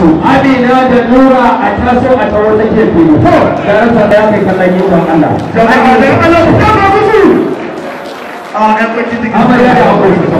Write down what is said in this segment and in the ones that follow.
to amina da nura a taso a tsawon take fili to da rasa da kai kallon yiwon Allah da Allah da Allah ta ba da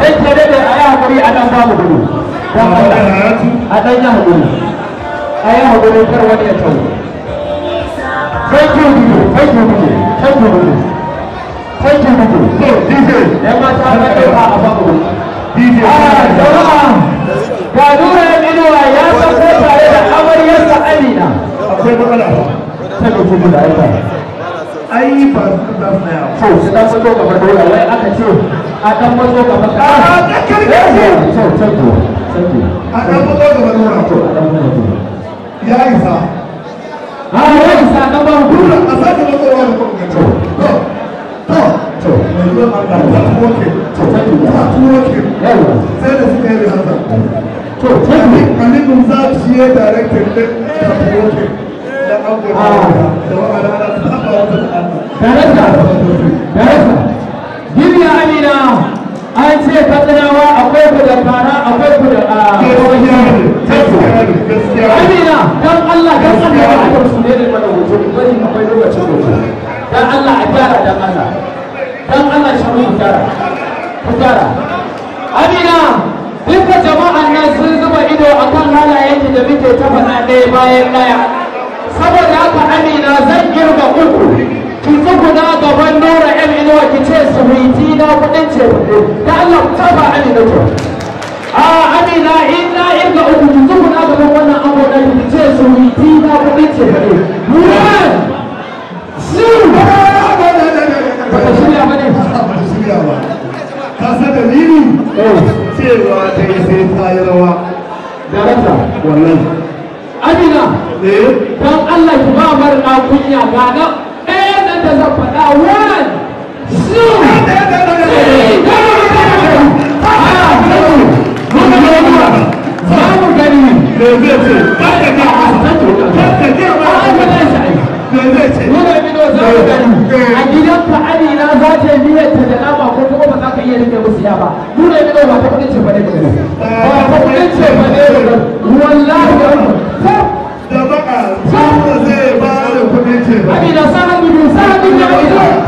sai ce da a yi hakuri a dan samu gudu dan Allah a dan yi hakuri a hakuri kar wani ya thank you thank you thank you thank you so DJ ya mata ba a ba DJ ah jama'a to su dan mazo gaba dole wai aka a dan mazo gaba ka a tsakar gaji to to to a dan mazo gaba dole to a dan mazo dole ya isa a ah, ya isa dan ba dole a sake mazo gaba dole to to to to mai yiwa ma da tuwo to ta tuwo ke sai da suka yi to Darasa, darasa. Gibiya Amina, an ce katsinawa akwai ku da kara akwai ku da Amina, ah, dan Allah kan Allah ya aka su ne da mana hoto, bari mu kai lokacin Allah a dan Allah. Dan Allah Amina, duka jama'an nan sun zuba ido akan halayen da muke ta faɗa ɗaya bayan ɗaya. fa amina zan girma uku ki gaban yan inuwa ki ce su na kudin ce ta Allah ku a amina na in ga uku ki gaban wannan ki ce su na kudin ce ba Ba ba. Eh. ta yi don Allah ki ba mara da kunya ga ga nan da zan faɗa a za ta yi miyar ta da nama ka iya rike musu Abida Sa'ad bin Sa'ad bin Abida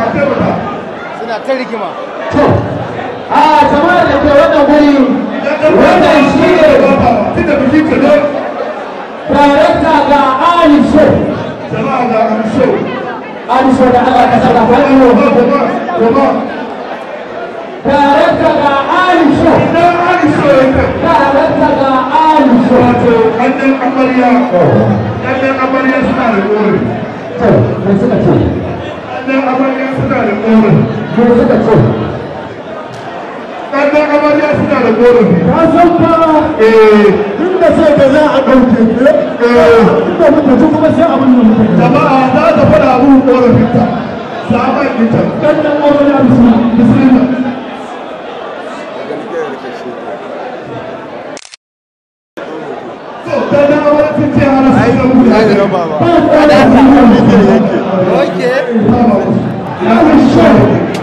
ana ta rigima a jama'a da ke wannan guri wannan shi ne darakta ga ali show jama'a ga ali show ali da Allah ka saka ga ali idan ali ga ali wato amarya oh. amarya suna da ce ɗanɗan amarya suna da ƙorin ko suka ce ɗanɗan amarya da ka za a ɗauke abin da za ta faɗa abin ƙorin ta sa'a ita ɗanɗan amarya suna baba. Okay. Tamam. Thank you.